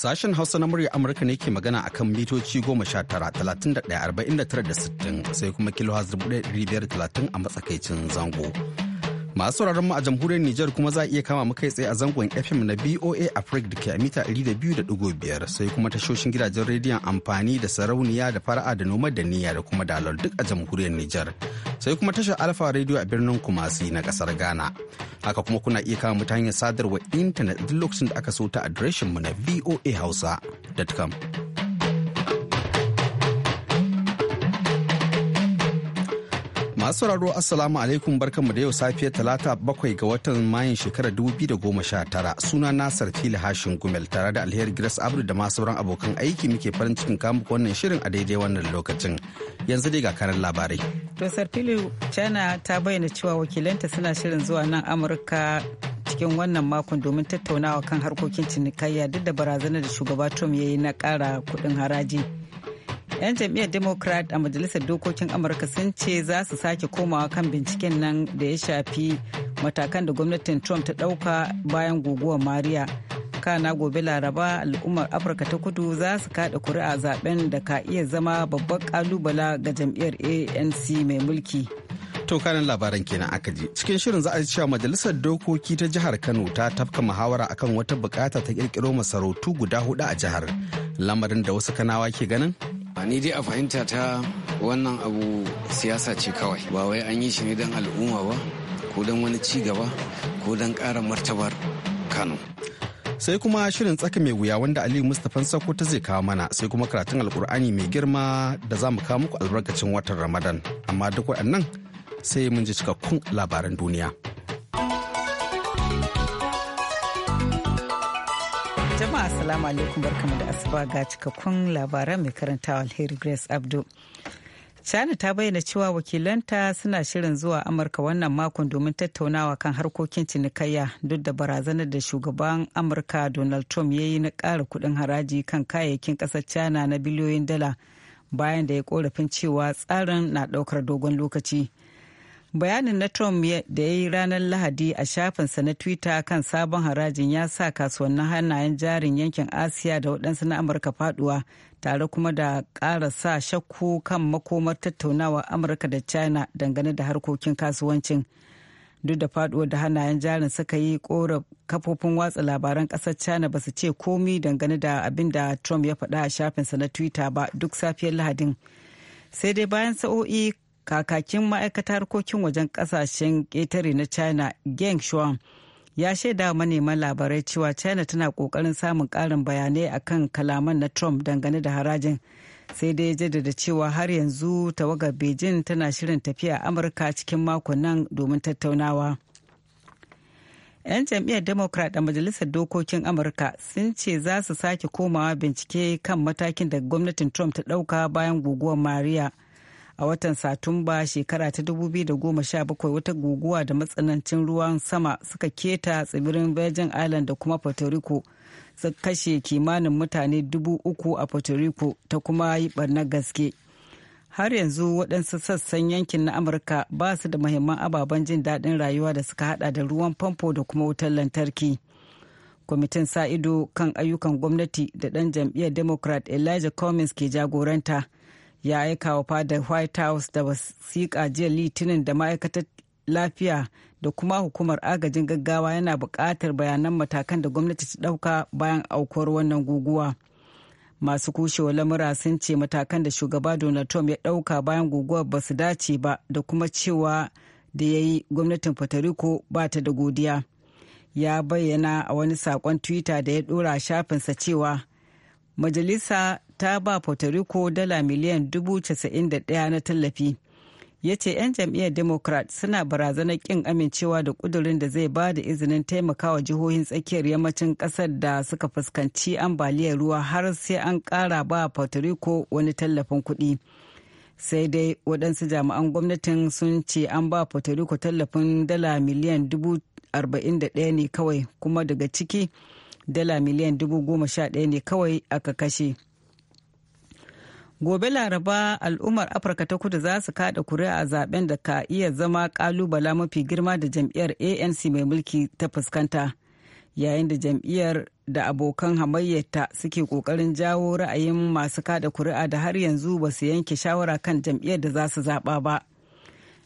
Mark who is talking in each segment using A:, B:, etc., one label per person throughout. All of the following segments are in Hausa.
A: Sashen Hausa na murya Amurka ne ke magana akan mitoci goma sha tara talatin da ɗaya arba'in da tara da sittin sai kuma kilo biyar talatin a matsakaicin zango. Masu sauraron mu a jamhuriyar Nijar kuma za a iya kama kai tsaye a zangon FM na BOA Africa da ke a mita biyar sai kuma tashoshin gidajen rediyon amfani da sarauniya da fara'a da noma da niyya da kuma dalar duk a jamhuriyar Nijar. Sai kuma tashar Alfa Radio a birnin Kumasi na kasar Ghana. Haka kuma kuna iya kama ta hanyar sadarwa intanet duk lokacin da aka so ta adireshin mu na voahausa.com. Masu sauraro Assalamu alaikum barkanmu da yau safiya talata bakwai ga watan mayan shekarar tara suna na sarfili Hashin Gumel tare da alheri Grace Abdu da masu sauran abokan aiki muke farin cikin kamu wannan shirin a daidai wannan lokacin. Yanzu dai ga karan labarai.
B: to sarfili China ta bayyana cewa wakilanta suna shirin zuwa nan Amurka cikin wannan makon domin tattaunawa kan harkokin cinikayya duk da barazanar da shugaba Trump ya yi na kara kuɗin haraji. 'Yan jam'iyyar Democrat a Majalisar Dokokin Amurka sun ce za su sake komawa kan binciken nan da ya shafi matakan da gwamnatin Trump ta dauka bayan guguwar Mariya. Kana gobe Laraba al'ummar Afirka ta kudu za su kaɗa kuri'a zaben da ka iya zama babban kalubala ga jam'iyyar ANC mai mulki.
A: to labaran kenan aka ji cikin shirin za a cewa majalisar dokoki ta jihar kano ta tafka muhawara akan wata bukata ta kirkiro masarautu guda hudu a jihar lamarin da wasu kanawa ke ganin
C: Ni dai a fahimta ta wannan abu siyasa ce kawai ba wai an yi shi ne don al'umma ba ko don wani ci
A: gaba ko don ƙara martabar Kano. Sai kuma shirin tsaka mai wuya wanda Aliyu Mustapha ta zai kawo mana sai kuma karatun Alkur'ani mai girma da za mu kawo muku albarkacin watan Ramadan amma duk waɗannan sai mun ji cikakkun labaran duniya.
B: Assalamu alaikum barkamu da asuba ga cikakkun labaran mai karantawa alheri Grace Abdu. China ta bayyana cewa wakilanta suna shirin zuwa Amurka wannan makon domin tattaunawa kan harkokin cinikayya duk da barazanar da shugaban Amurka Donald Trump ya yi na ƙara kuɗin haraji kan kayayyakin ƙasar China na biliyoyin dala bayan da ya korafin cewa tsarin na ɗaukar dogon lokaci. bayanin na trump da ya yi ranar lahadi a shafinsa na twitter kan sabon harajin ya sa kasuwannin hannayen jarin yankin asiya da waɗansu na amurka faduwa tare kuma da ƙara sa shakku kan makomar tattaunawa amurka da china dangane da harkokin kasuwancin duk da faduwar da hannayen jarin suka yi kora kafofin watsa labaran ƙasar china ba su ce komi dangane da abin da trump ya faɗa a shafinsa na twitter ba duk safiyar lahadin sai dai bayan sa'o'i kakakin ma'aikatar harkokin wajen kasashen ƙetare na china geng shuang ya shaida manema labarai cewa china tana kokarin samun karin bayanai akan kalaman na trump dangane da harajin sai dai jaddada cewa har yanzu tawagar beijing tana shirin tafiya amurka cikin makon nan domin tattaunawa 'yan jam'iyyar democrat a majalisar dokokin amurka sun ce za su sake komawa bincike kan matakin da gwamnatin trump ta ɗauka bayan guguwar maria a watan satumba shekara ta 2017 wata guguwa da matsanancin ruwan sama suka keta tsibirin virgin island da kuma puerto rico su kashe kimanin mutane dubu uku a puerto rico ta kuma yi barnar gaske har yanzu waɗansu sassan yankin na amurka ba su da mahimman ababen jin daɗin rayuwa da suka hada da ruwan famfo da kuma wutar lantarki kwamitin sa ido kan ayyukan gwamnati da ɗan jam'iyyar democrat elijah cummings ke jagoranta ya aika wa fadar white house da wasiƙa jiya litinin da ma'aikatar lafiya da kuma hukumar agajin gaggawa yana buƙatar bayanan matakan da gwamnati ta ɗauka bayan aukuwar wannan guguwa masu kushewa lamura sun ce matakan da shugaba donald trump ya ɗauka bayan guguwar ba su dace ba da kuma cewa da ya yi gwamnatin puerto rico ba ta da godiya ya bayyana a wani saƙon twitter da ya ɗora shafinsa cewa majalisa ta ba puerto rico dala miliyan 91 na tallafi ya ce 'yan jam'iyyar democrat suna barazanar kin amincewa da kudurin da zai ba da izinin taimakawa jihohin tsakiyar yammacin ƙasar da suka fuskanci ambaliyar ruwa har sai an ƙara ba puerto rico wani tallafin kuɗi sai dai waɗansu jami'an gwamnatin sun ce an ba puerto rico tallafin dala miliyan 41 ne kawai kuma daga ciki dala miliyan 11 ne kawai aka kashe. Gobe Laraba al'ummar Afirka ta kudu za su kada kuri'a a zaben da ka iya zama kalubala mafi girma da jam'iyyar ANC mai mulki ta fuskanta. Yayin da jam'iyyar da abokan hamayyata suke kokarin jawo ra'ayin masu kada kuri'a da har yanzu ba su yanke shawara kan jam'iyyar da za su zaɓa ba.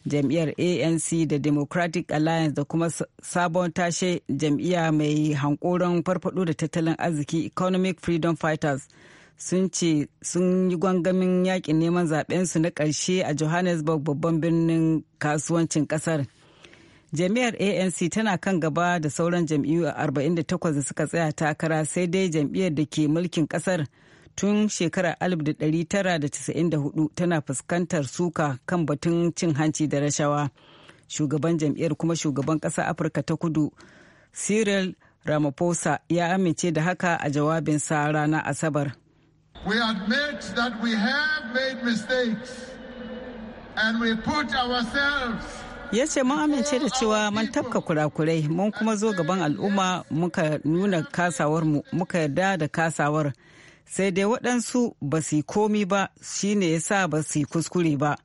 B: jam'iyyar anc da democratic alliance da kuma sabon tashe jam'iyya mai hankoron farfado da tattalin arziki economic freedom fighters sun ce sun yi gwangamin yakin neman zaɓensu na ƙarshe a johannesburg babban birnin kasuwancin ƙasar jami'ar anc tana kan gaba da sauran jam'iyyu 48 da suka tsaya takara sai dai jam'iyyar da ke mulkin ƙasar tun shekarar 1994 tana fuskantar suka kan batun cin hanci da rashawa shugaban jam'iyyar kuma shugaban ƙasa afirka ta kudu cyril ramaphosa ya amince da haka a jawabinsa ranar asabar We admit that we have made mistakes and we put ourselves ya ce mun amince da cewa mun tafka kurakurai mun kuma zo gaban al'umma muka nuna kasawarmu muka yarda da kasawar sai dai waɗansu ba su yi komi ba shine ya sa ba su yi kuskure ba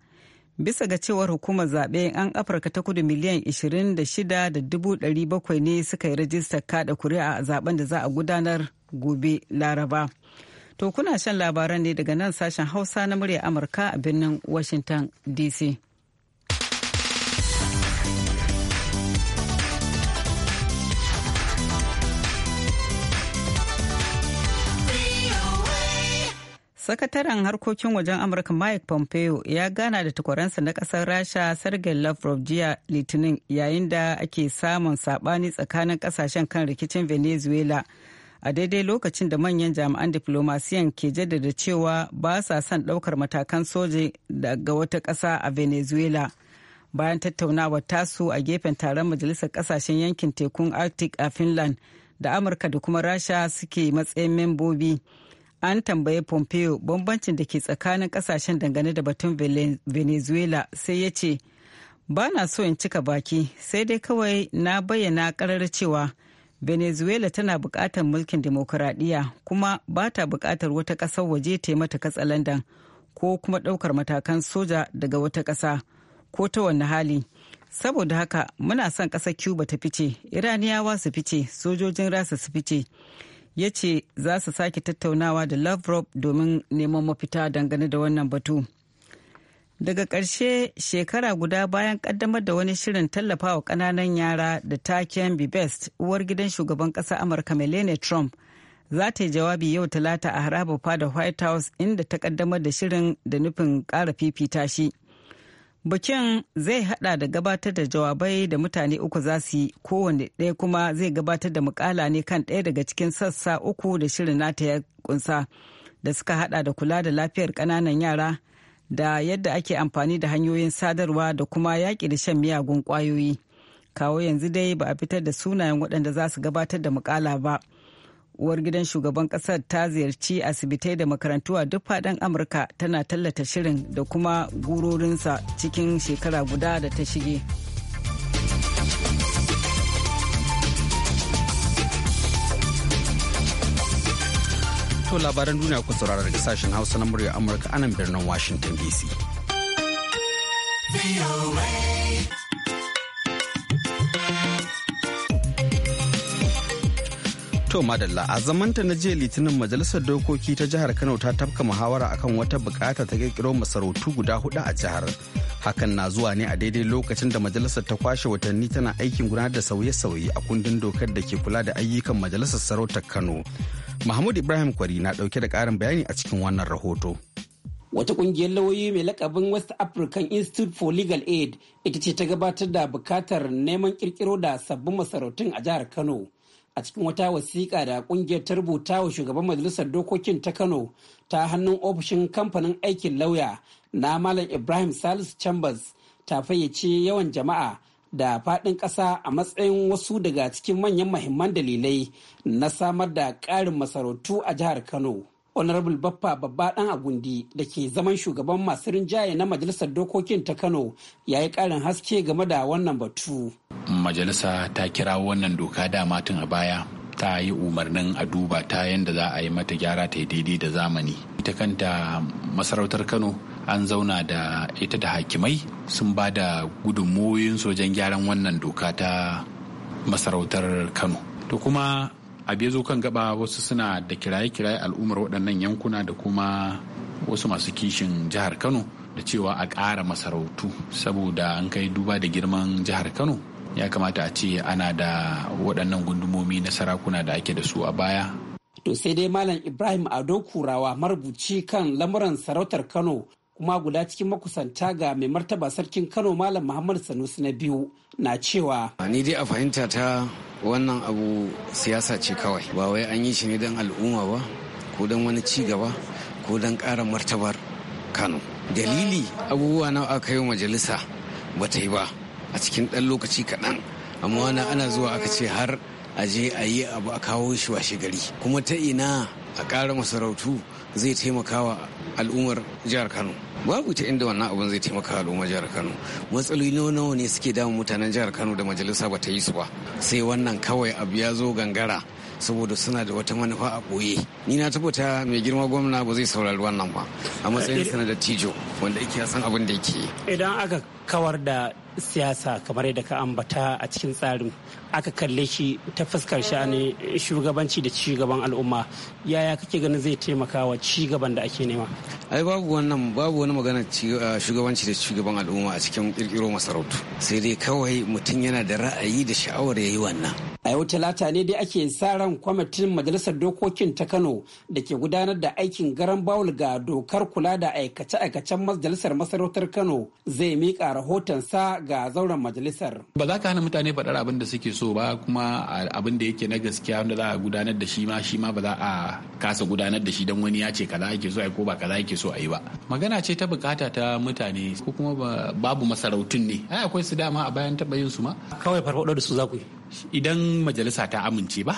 B: bisa ga cewar hukumar zaɓe an afirka ta kudu miliyan 26,700 ne suka yi rajistar kaɗa kuri'a a zaben da za a gudanar gobe laraba To kuna shan labaran ne daga nan sashen Hausa na murya Amurka a birnin Washington DC. Sakataren harkokin wajen Amurka Mike Pompeo ya gana da tukwaransa na kasar Rasha Sergei Lavrov jiya Litinin yayin da ake samun sabani tsakanin kasashen kan rikicin Venezuela. a daidai lokacin da manyan jami'an diflomasiyan ke jaddada cewa ba sa son ɗaukar matakan soja daga wata ƙasa a venezuela bayan tattaunawar tasu a gefen taron majalisar ƙasashen yankin tekun arctic a finland da amurka da kuma rasha suke matsayin membobi an tambaye pompeo bambancin da ke tsakanin ƙasashen dangane da batun venezuela sai ya ce ba na so in cika baki sai dai kawai na bayyana ƙarar cewa venezuela tana buƙatar mulkin demokuraɗiyya kuma ba ta buƙatar wata ƙasar waje ta mata katsalandan ko kuma ɗaukar matakan soja daga wata ƙasa ko ta wani hali saboda haka muna son ƙasar cuba ta fice iraniyawa su fice sojojin rasa su fice ya ce za su sake tattaunawa da lavrov domin neman mafita dangane da wannan batu. daga ƙarshe shekara guda bayan ƙaddamar da wani shirin tallafawa ƙananan yara da taken be best uwar gidan shugaban ƙasa amurka melania trump za ta yi jawabi yau talata a haraba fada white house inda ta ƙaddamar da shirin da nufin ƙara fifita shi bikin zai hada da gabatar da jawabai da mutane uku za su yi kowane ɗaya kuma zai gabatar da mukala ne kan ɗaya daga cikin sassa uku da shirin nata ya kunsa da suka hada da kula da lafiyar ƙananan yara da yadda ake amfani da hanyoyin sadarwa da kuma yaƙi da shan miyagun ƙwayoyi kawo yanzu dai ba a fitar da sunayen waɗanda za su gabatar da mukala ba uwar gidan shugaban ƙasar ta ziyarci asibitai da makarantu a duk faɗin amurka tana tallata shirin da kuma gurorinsa cikin shekara guda da ta shige.
A: To labaran duniya ku saurara daga sashen Hausa na murya Amurka anan birnin Washington DC. To madalla a zamanta na jiya litinin majalisar dokoki ta jihar Kano ta tafka muhawara akan wata bukata ta kirkiro masarautu guda hudu a jihar hakan na zuwa ne a daidai lokacin da majalisar ta kwashe watanni tana aikin gudanar da sauye-sauye a kundin dokar da ke kula da ayyukan majalisar sarautar kano mahmud ibrahim kwari na dauke da karin bayani a cikin wannan rahoto
D: wata kungiyar lauyoyi mai lakabin west african institute for legal aid ita ce ta gabatar da bukatar neman kirkiro da sabbin masarautun a jihar kano a cikin wata wasiƙa da kungiyar ta rubuta wa shugaban majalisar dokokin ta kano ta hannun ofishin kamfanin aikin lauya na Malam Ibrahim Salisu Chambers ta fayyace yawan jama'a da faɗin ƙasa a matsayin wasu daga cikin manyan mahimman dalilai na samar da ƙarin masarautu a jihar Kano. Honorable Baffa babba ɗan agundi da ke zaman shugaban masu rinjaye na Majalisar Dokokin ta Kano ya yi ƙarin haske game da wannan batu.
E: Majalisa ta kira wannan doka dama tun a baya ta yi umarnin a duba ta yadda za a yi mata gyara ta daidai da zamani. Ita kanta masarautar Kano an zauna da ita da hakimai sun ba da gudunmoyin sojan gyaran wannan doka ta masarautar kano to kuma abu zo kan gaba wasu suna da kiraye-kiraye al'ummar waɗannan yankuna da kuma wasu masu kishin jihar kano da cewa a ƙara masarautu saboda an kai duba da girman jihar kano ya kamata a ce ana da waɗannan gundumomi na sarakuna da ake da su a baya
D: to sai dai malam ibrahim ado kurawa marubuci kan lamuran sarautar kano kuma guda cikin makusanta ga mai martaba sarkin kano malam muhammad sanusi na biyu na cewa ni dai a
C: fahimta ta wannan abu siyasa ce kawai ba wai an yi shi ne don al'umma ba ko don wani ci gaba ko don ƙara martabar kano dalili abubuwa nawa aka yi majalisa ba ta yi ba a cikin ɗan lokaci kaɗan amma wani ana zuwa aka ce har a je a yi abu a kawo shi washe gari kuma ta ina a ƙara masarautu zai taimaka wa al'ummar jihar kano babu ta inda wannan abin zai taimaka al'ummar jihar kano matsaloli nawa ne suke damun mutanen jihar kano da majalisa ba ta yi su ba sai wannan kawai abu ya zo gangara saboda suna da wata manufa a ɓoye ni na tabbata mai girma gwamna ba zai saurari wannan ba a matsayin sanadar dattijo tijo wanda yake san abin da yake
D: idan aka kawar da siyasa kamar yadda ka ambata a cikin tsarin aka kalle shi ta fuskar sha'ani shugabanci da cigaban al'umma yaya kake ganin zai taimaka wa cigaban da ake nema
C: ai babu wannan babu wani magana ah, shugabanci da cigaban al'umma a cikin kirkiro masarautu sai dai kawai mutum yana da ra'ayi da sha'awar
D: yayi wannan A yau talata ne dai ake sa ran kwamitin Majalisar Dokokin ta Kano da ke gudanar da aikin garan bawul ga dokar kula da aikace-aikacen Majalisar Masarautar Kano zai mika rahoton sa ga zauren majalisar.
E: Ba za ka hana mutane faɗar abin da suke so ba kuma abin da yake na gaskiya wanda za a gudanar da shi ma shi ma ba za a kasa gudanar da shi don wani ya ce kaza ake so ai ko ba kaza ake so ayi ba. Magana ce ta bukata ta mutane ko kuma babu masarautun ne. Ai akwai su dama a bayan taɓa yin su ma. Kawai farfaɗo da su za ku yi. idan majalisa ta amince ba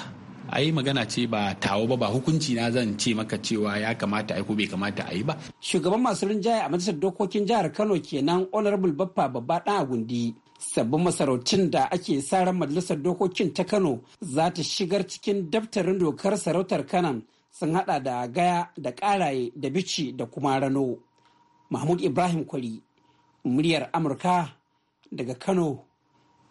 E: a yi magana ce ba tawo ba ba hukunci na zan ce maka cewa ya kamata ai ko bai kamata a yi ba shugaban masu rinjaye a majalisar dokokin jihar
D: kano kenan honorable baffa babba dan agundi sabbin masarautun da ake sa ran majalisar dokokin ta kano za ta shigar cikin daftarin dokar sarautar kanan sun hada da gaya da karaye da bici da kuma rano mahmud ibrahim kwari muryar amurka daga kano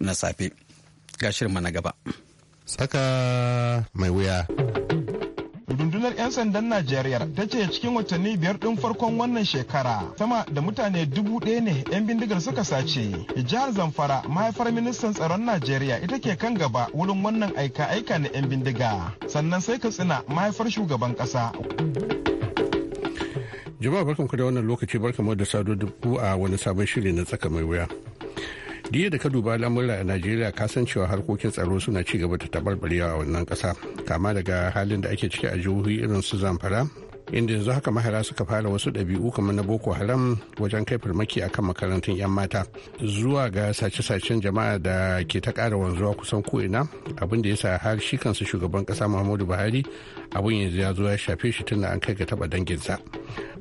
A: na safe ga shirma na gaba
F: saka mai wuya rundunar 'yan sandan najeriya ta ce cikin watanni biyar ɗin farkon wannan shekara sama da mutane dubu ɗaya ne 'yan bindigar suka sace jihar zamfara mahaifar ministan tsaron najeriya ita ke kan gaba wurin wannan aika-aika na 'yan bindiga sannan sai katsina mahaifar shugaban ƙasa
G: jama'a barkanku da wannan lokaci barkanmu da sadu dubu a wani sabon shiri na tsaka mai wuya diya da ka duba lamura a najeriya cewa harkokin tsaro suna ci gaba da tabarbarewa a wannan kasa kama daga halin da ake ciki a jihohi irin su zamfara inda yanzu haka mahara suka fara wasu ɗabi'u kamar na boko haram wajen kai farmaki akan makarantun 'yan mata zuwa ga sace-sacen jama'a da ke ta ƙara wanzuwa kusan ko'ina abin da ya sa har shi kansu shugaban ƙasa muhammadu buhari abin yanzu ya zo ya shafe shi tunda an kai ga taba danginsa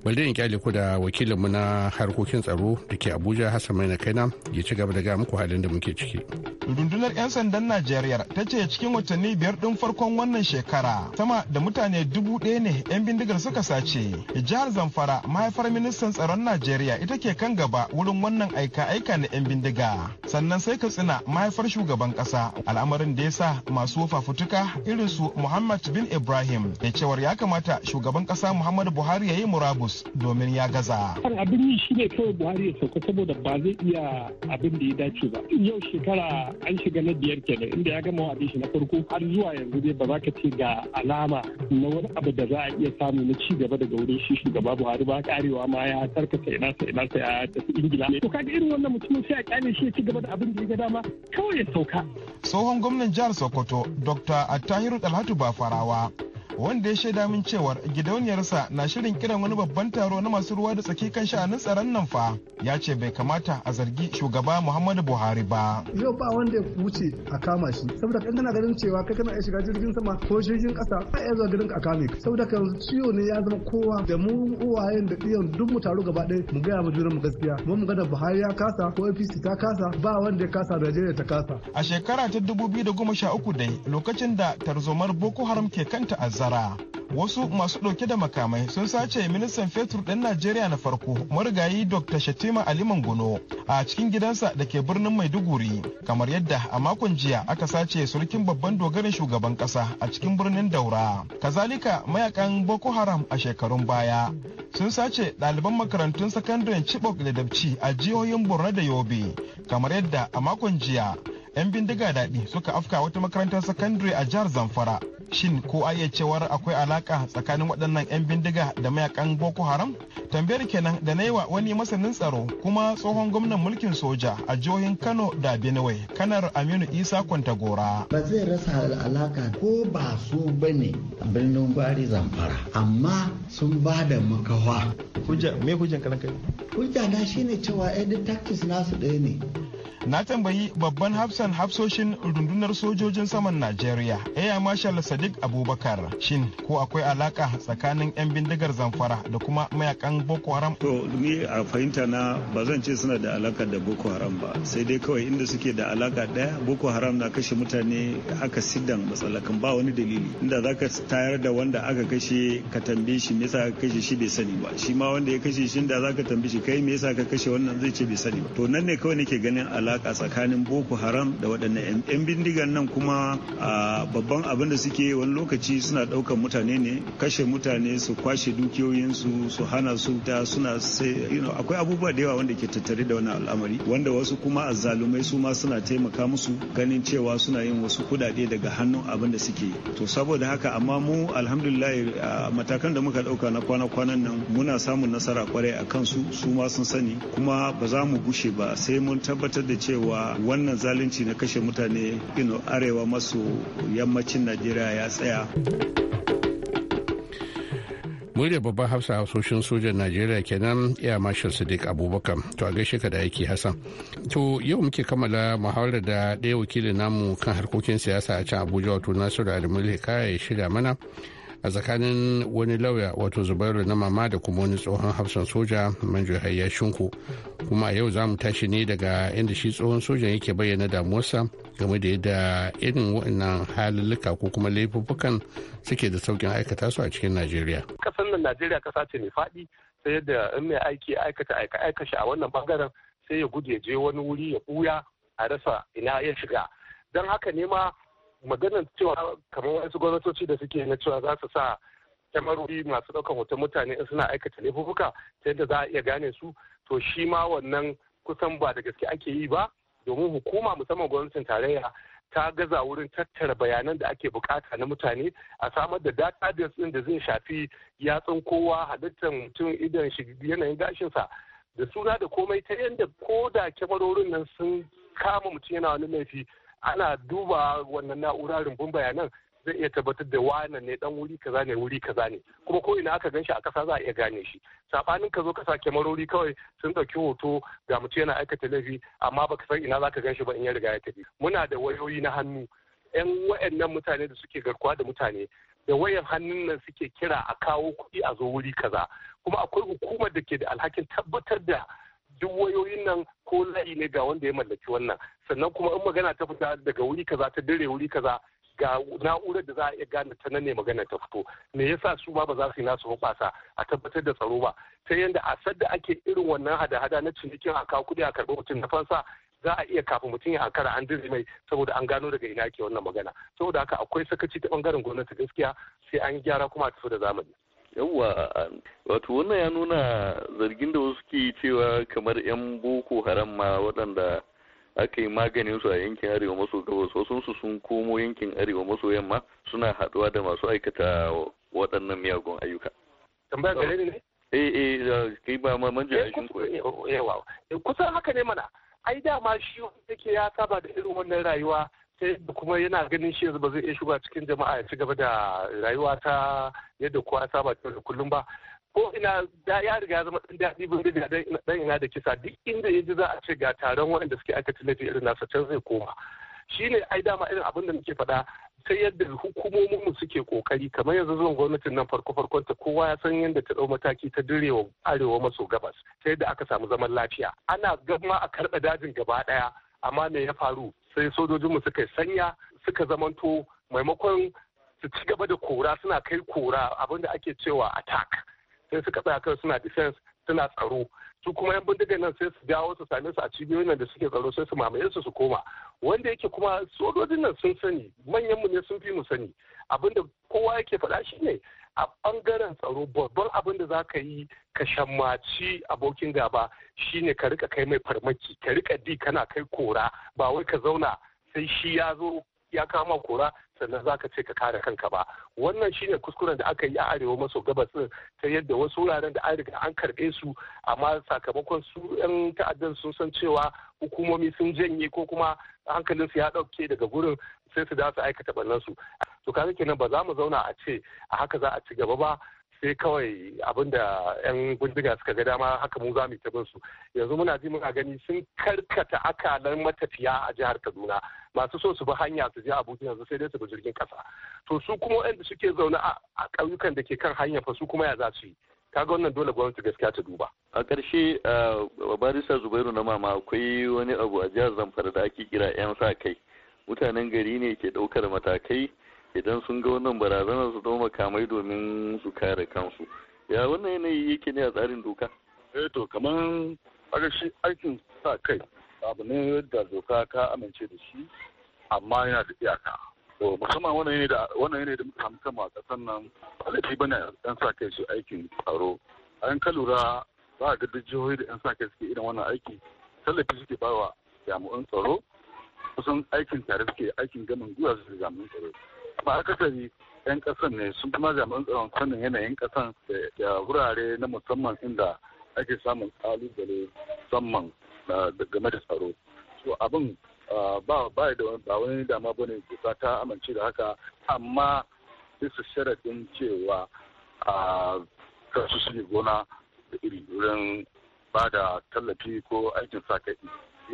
G: bari in kyale ku da wakilinmu na harkokin tsaro da ke abuja hassan maina kaina ya ci gaba da ga muku halin da muke ciki
F: rundunar 'yan sandan najeriya ta ce cikin watanni biyar din farkon wannan shekara sama da mutane dubu ɗaya ne 'yan bindigar suka sace jihar zamfara mahaifar ministan tsaron najeriya ita ke kan gaba wurin wannan aika-aika na 'yan bindiga sannan sai katsina mahaifar shugaban ƙasa al'amarin da ya sa masu wafafutuka irin su muhammad bin ibrahim Ibrahim da cewar ya kamata shugaban kasa Muhammadu Buhari ya yi murabus domin ya gaza. abin yi shi ne kawai Buhari ya sauka saboda ba zai iya abin da ya dace ba. Yau shekara an shiga na biyar
H: kenan inda ya gama abin shi na farko har zuwa yanzu dai ba za ka ce ga alama na wani abu da za a iya samu na ci gaba daga wurin shi shugaba Buhari ba karewa ma ya tarkata ina sa ina sa ya
I: tafi
F: Ingila. To kaga irin wannan mutumin sai a kyale shi ya ci gaba da abin da ya ga dama kawai ya sauka. Tsohon gwamnan jihar Sokoto Dr. Attahiru Talhatu Bafarawa wanda ya shaida min cewar gidauniyarsa na shirin kiran wani babban taro na masu ruwa da tsaki kan sha'anin tsaron nan fa ya ce bai kamata a zargi shugaba muhammadu buhari ba yau ba wanda ya wuce a kama shi saboda kan kana ganin cewa kai kana shiga jirgin sama ko jirgin kasa ba iya zuwa garin a kame ka saboda kan ciwo ne ya zama kowa da mu uwayen da iyan duk mu taro gaba ɗaya mu gaya mu juna mu gaskiya mu mu ga buhari ya kasa ko apc ta kasa ba wanda ya kasa najeriya ta kasa a shekara ta 2013 dai lokacin da tarzomar boko haram ke kanta azza nasara. wasu masu ɗauke da makamai sun sace ministan fetur ɗin najeriya na farko marigayi dr shatima aliman gono a cikin gidansa da ke birnin maiduguri kamar yadda a makon jiya aka sace surkin babban dogarin shugaban ƙasa a cikin birnin daura kazalika mayakan boko haram a shekarun baya sun sace ɗaliban makarantun sakandaren chibok da dabci a jihohin borno da yobe kamar yadda a makon jiya 'yan bindiga daɗi suka afka wata makarantar sakandare a jihar zamfara shin ko a iya cewar akwai alaka tsakanin waɗannan 'yan bindiga da mayakan boko haram tambayar kenan da na yi wa wani masanin tsaro kuma tsohon gwamnan mulkin soja a jihohin kano da benue kanar aminu isa kwantagora
I: ba zai rasa alaka ko ba su ba a birnin gwari zamfara
F: amma sun ba da makawa hujja me hujjan kanan kai hujja na shine cewa edit eh, tactics nasu ɗaya ne na tambayi babban hafsan hafsoshin rundunar sojojin saman najeriya air marshal sadiq abubakar shin ko akwai alaka tsakanin 'yan bindigar zamfara da kuma mayakan boko haram
I: to ni a fahimta na ba zan ce suna da alaka da boko haram ba sai dai kawai inda suke da alaka daya boko haram na kashe mutane aka sidan matsalakan ba wani dalili inda zaka tayar da wanda aka kashe ka tambaye shi me yasa aka kashe shi bai sani ba shi ma wanda ya kashe shi da zaka tambaye shi kai me yasa ka kashe wannan zai ce bai sani ba to nan ne kawai nake ganin alaka alaka tsakanin boko haram da waɗannan 'yan bindigan nan kuma babban abin da suke wani lokaci suna ɗaukan mutane ne kashe mutane su kwashe dukiyoyinsu su hana su ta suna sai akwai abubuwa da yawa wanda ke tattare da wani al'amari wanda wasu kuma azzalumai su ma suna taimaka musu ganin cewa suna yin wasu kudade daga hannun abin da suke to saboda haka amma mu alhamdulillah matakan da muka ɗauka na kwana-kwanan nan muna samun nasara kwarai a kansu su ma sun sani kuma ba za mu gushe ba sai mun tabbatar da cewa wannan zalunci na kashe mutane ino arewa masu yammacin najeriya ya tsaya
G: muryar babban hafsa hausoshin sojan najeriya kenan ya marshal sadiq abubakar to a gaishe ka da yake hassan to yau muke kammala muhawarar da ɗaya wakilin namu kan harkokin siyasa a can abuja wato nasiru alimul hikaya ya shirya mana a tsakanin wani lauya wato zubairu na mama da kuma wani tsohon hafsan soja manjo hayya shinku kuma yau za mu tashi ne daga inda shi tsohon sojan yake bayyana damuwarsa game da yadda irin waannan halulluka ko kuma laifuffukan suke da saukin aikata su a cikin najeriya
H: kasan nan najeriya kasa ce mai faɗi sai yadda in mai aiki aikata aika shi a wannan bangaren sai ya guje je wani wuri ya buya a rasa ina ya shiga don haka ne ma maganar cewa kamar wasu gwamnatoci da suke na cewa za su sa kyamarori masu ɗaukar hoton mutane in suna aikata laifuka ta yadda za a iya gane su to shi ma wannan kusan ba da gaske ake yi ba domin hukuma musamman gwamnatin tarayya ta gaza wurin tattara bayanan da ake bukata na mutane a samar da data din da zai shafi yatsun kowa halittar mutum idan shi yanayin gashinsa da suna da komai ta yadda ko da kyamarorin nan sun kama mutum yana wani laifi ana duba wannan na'ura rumbun bayanan zai iya tabbatar da wannan ne dan wuri kaza ne wuri kaza ne kuma ko ina aka ganshi a kasa za a iya gane shi sabanin ka zo ka sa kyamarori kawai sun dauki hoto ga mutum yana aikata laifi amma baka san ina zaka ganshi ba in ya riga ya tafi muna da wayoyi na hannu yan wayannan mutane da suke garkuwa da mutane da wayan hannun nan suke kira a kawo kuɗi a zo wuri kaza kuma akwai hukumar da ke da alhakin tabbatar da duk wayoyin nan ko layi ne ga wanda ya mallaki wannan sannan kuma in magana ta fita daga wuri kaza ta dire wuri kaza ga na'urar da za a iya gane ta nan ne magana ta fito me yasa su ma ba za su yi nasu hoɓasa a tabbatar da tsaro ba ta yadda a da ake irin wannan hada-hada na cinikin a kawo kuɗi a karɓi mutum na fansa za a iya kafin mutum ya ankara an dire mai saboda an gano daga ina ke wannan magana saboda haka akwai sakaci ta bangaren gwamnati gaskiya sai an gyara kuma a tafi da zamani
J: yawwa wato wannan ya nuna zargin da wasu ke cewa kamar 'yan boko haram ma waɗanda aka yi maganin su a yankin arewa maso gabas wasu su sun komo yankin arewa maso yamma suna haɗuwa da masu aikata waɗannan miyagun ayyuka. tambaya gare ne? eh eh kai ba ma manja a ko yawa
H: eh, kusan haka ne mana ai dama shi yake ya saba da irin wannan rayuwa da kuma yana ganin shi yanzu ba zai iya shiga cikin jama'a ya ci gaba da rayuwa ta yadda kowa saba da kullum ba ko ina da ya riga zama dan daɗi bin da dan ina da kisa duk inda ya ji za a ce ga taron waɗanda suke aka na irin nasa can zai koma shine ai dama irin abin da muke faɗa ta yadda hukumomin mu suke kokari kamar yanzu zuwan gwamnatin nan farko farkon ta kowa ya san yadda ta ɗau mataki ta direwa arewa maso gabas ta yadda aka samu zaman lafiya ana gama a karɓa dajin gaba ɗaya amma me ya faru sai sojojinmu suka yi sanya suka zamanto maimakon su ci gaba da kora suna kai kora abinda ake cewa attack sai suka tsaya kan suna defense suna tsaro su kuma yan bindigan nan sai su dawo su same su a cibiyoyin nan da suke tsaro sai su mamaye su su koma wanda yake kuma sojojin nan sun sani manyan mu ne sun fi mu sani abinda kowa yake faɗa shine a bangaren tsaro babban abin da za ka yi ka shammaci abokin gaba shine ka rika kai mai farmaki ka rika di kana kai kora ba wai ka zauna sai shi ya zo ya kama kora sannan za ka ce ka kare kanka ba wannan shine kuskuren da aka yi a arewa maso gabas ta yadda wasu wuraren da an riga an karɓe su amma sakamakon su yan ta'addan sun san cewa hukumomi sun janye ko kuma hankalinsu ya ɗauke daga gurin sai su da aikata bannan su to kaga kenan ba za mu zauna a ce a haka za a ci gaba ba sai kawai abin da 'yan bindiga suka ga dama haka mu za mu ta su yanzu muna ji muna gani sun karkata akalan matafiya a jihar kaduna masu so su bi hanya su je abuja yanzu sai dai su bi jirgin kasa to su kuma wanda suke zaune a ƙauyukan da ke kan hanya fa su kuma ya za su yi kaga wannan dole gwamnati gaskiya ta duba
J: a ƙarshe eh, barisa zubairu na mama akwai wani abu a jihar zamfara da ake kira 'yan sa kai mutanen gari ne ke ɗaukar matakai idan sun ga wannan barazanar su dau makamai domin su kare kansu ya wannan yanayi yake ne a tsarin doka eh to kamar shi aikin sa kai abu ne da doka ka amince da shi amma yana da iyaka to musamman wannan ne da wannan yanayi da muka samu kama a ƙasar nan alaji bane dan sa kai su aikin tsaro an ka lura ba ga duk jihohi da yan sa kai suke irin wannan aiki tallafi suke bawa jami'an tsaro kusan aikin tare suke aikin gaman gwiwa su zaman tsaro amma yan kasan ne sun kuma jami'an tsaron sanin yanayin kasan da wurare na musamman inda ake samun kalubale musamman game da tsaro so abin ba ba da ba wani dama bane kusa ta amince da haka amma bisa sharadin cewa a kasu su gona da iri wurin ba da tallafi ko aikin sa kai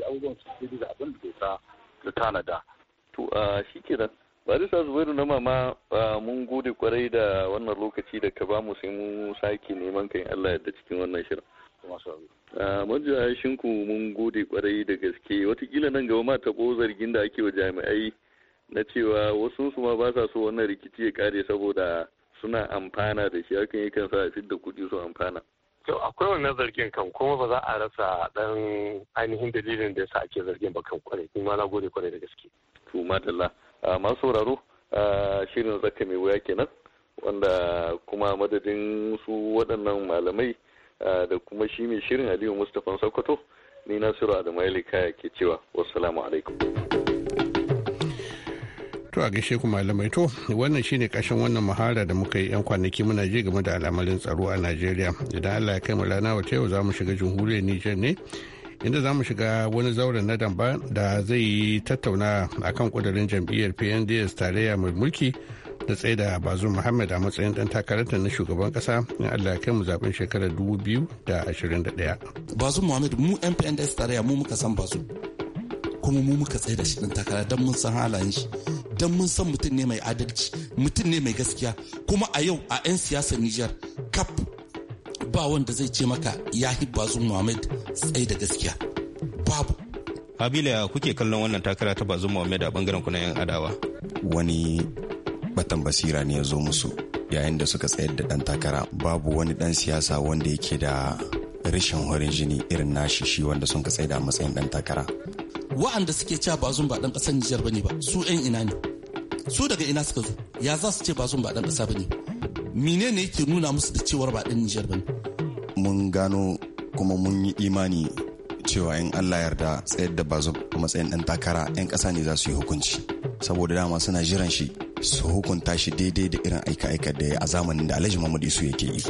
J: abubuwan su da abin da doka tanada to shi kenan barisa zubairu na mama mun gode kwarai da wannan lokaci da ka bamu sai mu sake neman kan allah yadda cikin wannan shirin ya shinku mun gode kwarai da gaske watakila nan gaba ma taɓo zargin da ake wa jami'ai na cewa wasu su ma ba sa so wannan rikici ya kare saboda suna amfana da shi hakan yakan sa a fidda kuɗi su amfana To akwai wannan zargin kan kuma ba za a rasa dan ainihin dalilin da ya yasa ake zargin ba kan kwarai kuma ma na gode kwarai da gaske. To madalla masu sauraro shirin zaka mai wuya kenan wanda kuma madadin su waɗannan malamai da kuma shi mai shirin Aliyu Mustapha Sokoto ni Nasiru Adamu Kaya ke cewa wassalamu alaikum.
G: To a gaishe ku malamai to wannan shine kashin wannan muhara da muka yi yan kwanaki muna ji game da al'amarin tsaro a Najeriya. Idan Allah ya kai mu rana wata yau za mu shiga jamhuriyar Nijar ne inda za mu shiga wani zauren na damba da zai yi tattauna akan kudirin jam'iyyar PNDS tarayya mai mulki da tsaye da bazu Muhammad a matsayin dan takararta na shugaban kasa in Allah ya kai mu zaben shekarar 2021. Bazu Muhammad mu PNDS tarayya mu muka san bazu kuma mu muka tsaye da shi dan takara dan mun san halayen
A: shi. Idan mun san mutum ne mai adalci mutum ne mai gaskiya kuma a yau a 'yan siyasar Nijar kap ba wanda zai ce maka ya bazum Muhammad tsaye da
F: gaskiya babu Habila kuke kallon wannan takara ta bazum Muhammad a bangaren kuna yan adawa
A: wani batan basira ne ya zo musu yayin da suka tsayar da dan takara babu wani dan siyasa wanda yake da rashin horin jini irin nashi shi wanda sun ka tsaida da matsayin dan takara wa'anda suke cewa bazum ba dan kasar Nijar bane ba su 'yan ina ne su daga ina suka zo ya za su ce ba sun ba dan kasa bane Menene ne yake nuna musu da cewar ba dan Niger bane mun gano kuma mun yi imani cewa in Allah yarda tsayar da bazo a matsayin dan takara yan kasa ne za su yi hukunci saboda dama suna jiran shi su hukunta shi daidai da irin aika-aika da a zamanin da Alhaji Muhammad
F: Isu yake yi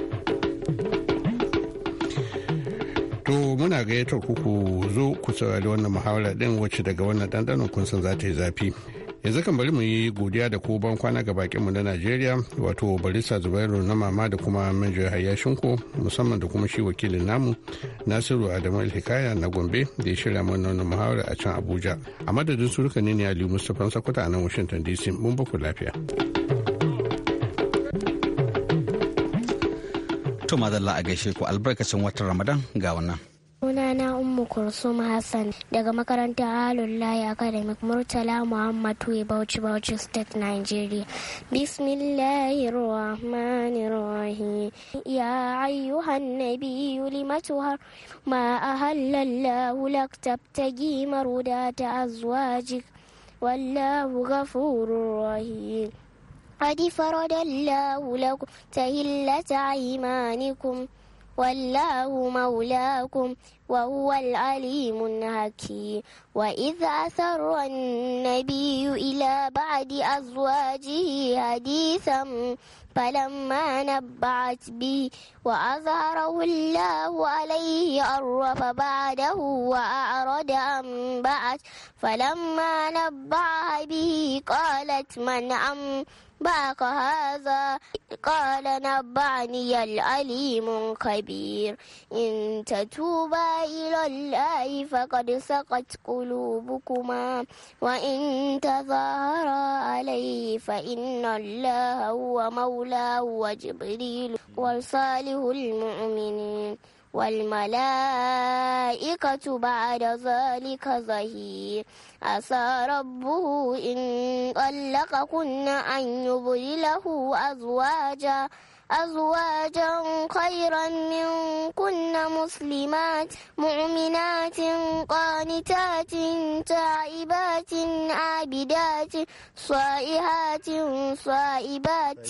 G: to muna gayyatar ta ku zo ku saurari wannan muhawara din wacce daga wannan dandanon kun san za ta yi zafi yanzu kan bari mu yi godiya da ko ban kwana ga bakinmu na najeriya wato barista zubairu na mama da kuma manjo hayashinku musamman da kuma shi wakilin namu nasiru adamu hikaya na gombe da ya shirya mana wannan muhawara a can abuja a madadin suruka ne ne aliyu mustapha sakwata a nan washington dc mun baku lafiya
A: to madalla a gaishe ku albarkacin watan ramadan ga wannan
K: Kursum Hassan daga makarantar Halullahi academy Murtala Muhammad Tuyi Bauchi Bauchi State Nigeria. Bismillahirrahmanirrahim. Ya ayyuhan nabiyyu lima tuhar ma ahallallahu lak tabtagi marudata azwajik wallahu ghafurur rahim. قد فرض الله لكم تهلة والله مولاكم وهو العليم الحكيم وإذ أسر النبي إلى بعد أزواجه حديثا فلما نبعت به وأظهره الله عليه أرف بعده وأعرض عن بعد فلما نبعها به قالت من أم بك هذا قال نبعني العليم الخبير إن تتوبا إلى الله فقد سقت قلوبكما وإن تظاهرا عليه فإن الله هو مولاه وجبريل وصالح المؤمنين والملائكة بعد ذلك ظهير عسى ربه إن طلقكن أن يضلله أزواجا أزواجا خيرا منكن مسلمات مؤمنات قانتات تائبات عابدات صائحات صائبات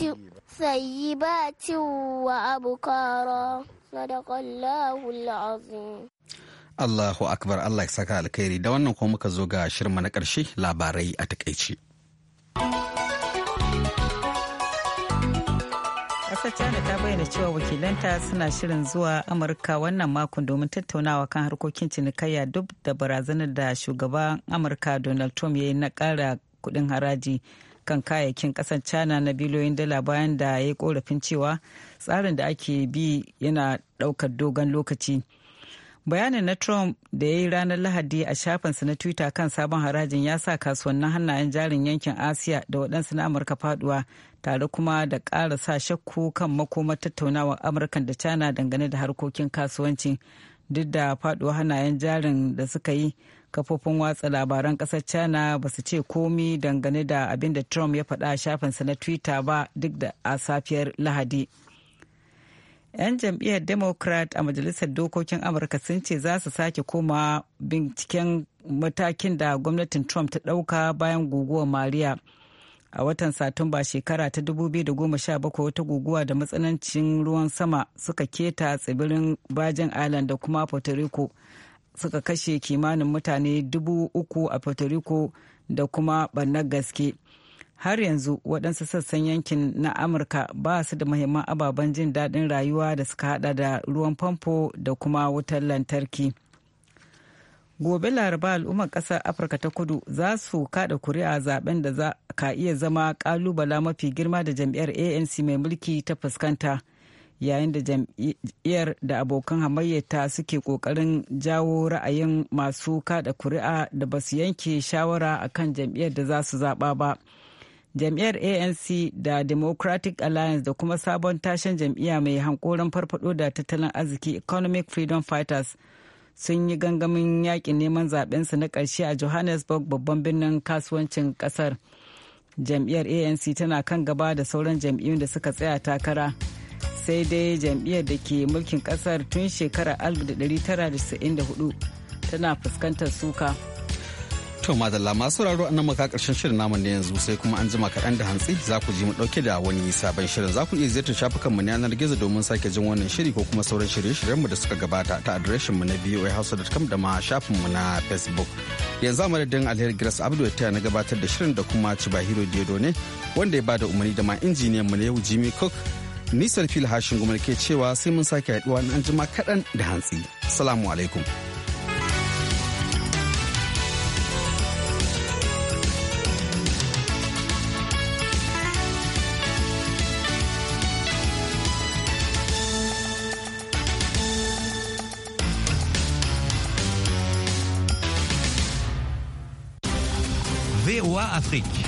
K: سيبات وأبكارا Sadaqallahul
A: Allahu akbar Allah ya saka alkhairi da wannan kuma muka zo ga shirma na ƙarshe labarai a takaici.
B: Ƙasar China ta bayyana cewa wakilanta suna shirin zuwa Amurka wannan makon domin tattaunawa kan harkokin cinikayya duk da barazanar da shugaban Amurka Donald Trump ya yi na ƙara kuɗin haraji. kan kayayyakin kasar china na biliyoyin dala bayan da ya yi korafin cewa tsarin da ake bi yana daukar dogon lokaci bayanin na trump da ya yi ranar lahadi a shafinsa na twitter kan sabon harajin ya sa kasuwannin hannayen jarin yankin asiya da waɗansu na amurka faduwa tare kuma da ƙara sa shakku kan makomar tattaunawar amurka da china dangane da harkokin kasuwanci duk da faduwa hannayen jarin da suka yi kafofin watsa labaran kasar china ba su ce komi dangane da abin da trump ya faɗa a shafinsa na twitter ba duk da a safiyar lahadi 'yan jam'iyyar democrat a majalisar dokokin amurka sun ce za su sake koma binciken matakin da gwamnatin trump ta ɗauka bayan guguwar maria a watan satumba shekara ta 2017 wata guguwa da matsanancin ruwan sama suka keta tsibirin bajin island da kuma puerto rico suka kashe kimanin mutane dubu uku a puerto rico da kuma ɓarnar gaske har yanzu waɗansu sassan yankin na amurka ba su da mahimman ababen jin daɗin rayuwa da suka haɗa da ruwan famfo da kuma wutar lantarki gobe laraba al'ummar ƙasar afirka ta kudu za su kada kuri'a zaben da za ka iya zama ƙalubala mafi girma da jam'iyyar anc mai mulki ta fuskanta yayin da jam'iyyar da abokan hamayyata suke kokarin jawo ra'ayin masu kada kuri'a da ba su yanke shawara a kan jam'iyyar da za su zaɓa ba jam'iyyar anc da democratic alliance da kuma sabon tashin jam'iyya mai hankoron farfado da tattalin arziki economic freedom fighters sun yi gangamin yakin neman zaɓensu na ƙarshe a johannesburg babban birnin kasuwancin ƙasar jam'iyyar anc tana kan gaba da sauran jam'iyyun da suka tsaya takara sai dai jam'iyyar da ke mulkin kasar tun shekarar hudu tana fuskantar suka
A: to madalla masu raro an maka karshen shirin namu ne yanzu sai kuma an jima kaɗan da hantsi za ku ji mu ɗauke da wani sabon shirin za ku iya ziyartar shafukanmu na yanar gizo domin sake jin wannan shiri ko kuma sauran shirye mu da suka gabata ta mu na voahouse.com da ma shafin mu na facebook yanzu amadadin alheri grace abdu ta na gabatar da shirin da kuma cibahiro diodo ne wanda ya bada umarni da ma injiniyan mu na yau jimmy cook Nisan fil hashin gumar ke cewa sai mun sake haɗuwa na anjima kaɗan da hantsi. Salamu alaikum.
I: Afrique.